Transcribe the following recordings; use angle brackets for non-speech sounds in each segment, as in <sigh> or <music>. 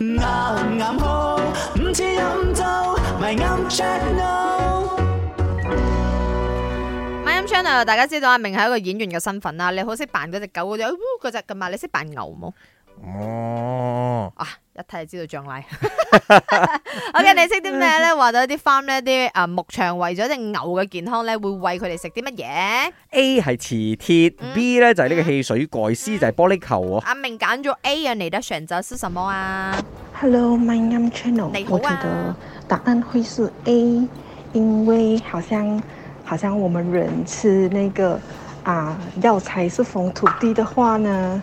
買音響嚟，大家知道阿明係一個演員嘅身份啦。你好識扮嗰隻狗嗰隻，嗰隻噶嘛？你識扮牛冇？哦，啊，一睇就知道象例。OK，你識啲咩咧？話到一啲 farm 咧啲啊牧場，為咗隻牛嘅健康咧，會喂佢哋食啲乜嘢？A 係磁鐵，B 咧就係呢個汽水蓋，C 就係玻璃球啊。阿明揀咗 A 嘅選擇，就係什麼啊？Hello，my name channel。我覺得答案會是 A，因為好像好像我們人吃那個啊藥材是封土地的話呢？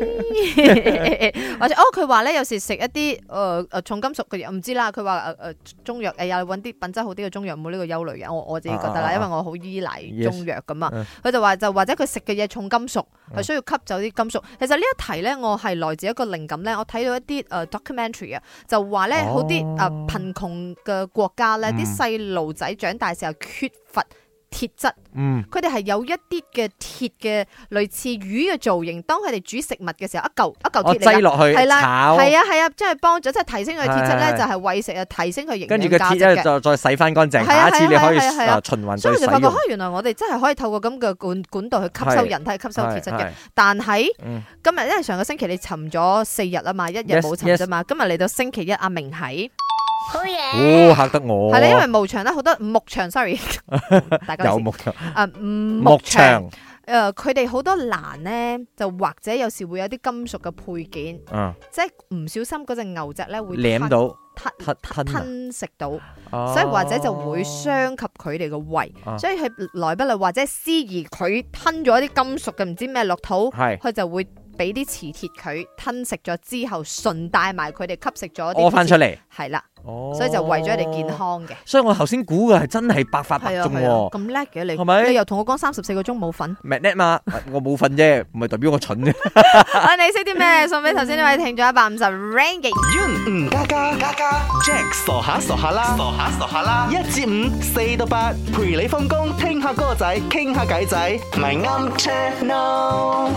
<laughs> 或者哦，佢話咧有時食一啲誒誒重金屬嘅嘢，唔知啦。佢話誒誒中藥誒又搵啲品質好啲嘅中藥，冇呢個憂慮嘅。我我自己覺得啦，因為我好依賴中藥㗎嘛。佢 Yes.、啊、就話就或者佢食嘅嘢，重金屬係需要吸走啲金屬。其實呢一題咧，我係來自一個靈感咧，我睇到一啲誒、呃、documentary 啊，就話咧、哦、好啲誒貧窮嘅國家咧，啲細路仔長大時候缺乏。鐵質，嗯，佢哋係有一啲嘅鐵嘅類似魚嘅造型，當佢哋煮食物嘅時候，一嚿一嚿鐵落去炒，係啊係啊，即係幫咗，即係提升佢鐵質咧，就係喂食啊，提升佢營養價值嘅，跟住個鐵即係再洗翻乾淨，下次你可以啊循環使用。所以我就發覺，原來我哋真係可以透過咁嘅管管道去吸收人體吸收鐵質嘅，但係今日因為上個星期你沉咗四日啊嘛，一日冇沉啫嘛，今日嚟到星期一，阿明喺。好吓、oh, 得我係啦，因為牧場咧好多牧場，sorry，大家有牧場。誒，有有牧場誒，佢哋好多欄咧，就或者有時會有啲金屬嘅配件，嗯、即係唔小心嗰隻牛隻咧會舐到，到吞，吞，吞食到，啊、所以或者就會傷及佢哋嘅胃，啊、所以佢來不嚟或者思疑佢吞咗啲金屬嘅唔知咩落肚，佢就會俾啲磁鐵佢吞食咗之後，順帶埋佢哋吸食咗，屙翻出嚟，係啦。所以就為咗你哋健康嘅，所以我頭先估嘅係真係百發百中喎，咁叻嘅你，係咪？你又同我講三十四個鐘冇瞓，咪叻嘛，我冇瞓啫，唔係代表我蠢嘅。啊，你識啲咩？送俾頭先呢位聽眾一百五十 ring 嘅，嗯，嘉嘉嘉嘉，Jack，傻下傻下啦，傻下傻下啦，一至五，四到八，陪你放工，聽下歌仔，傾下偈仔，咪啱車咯。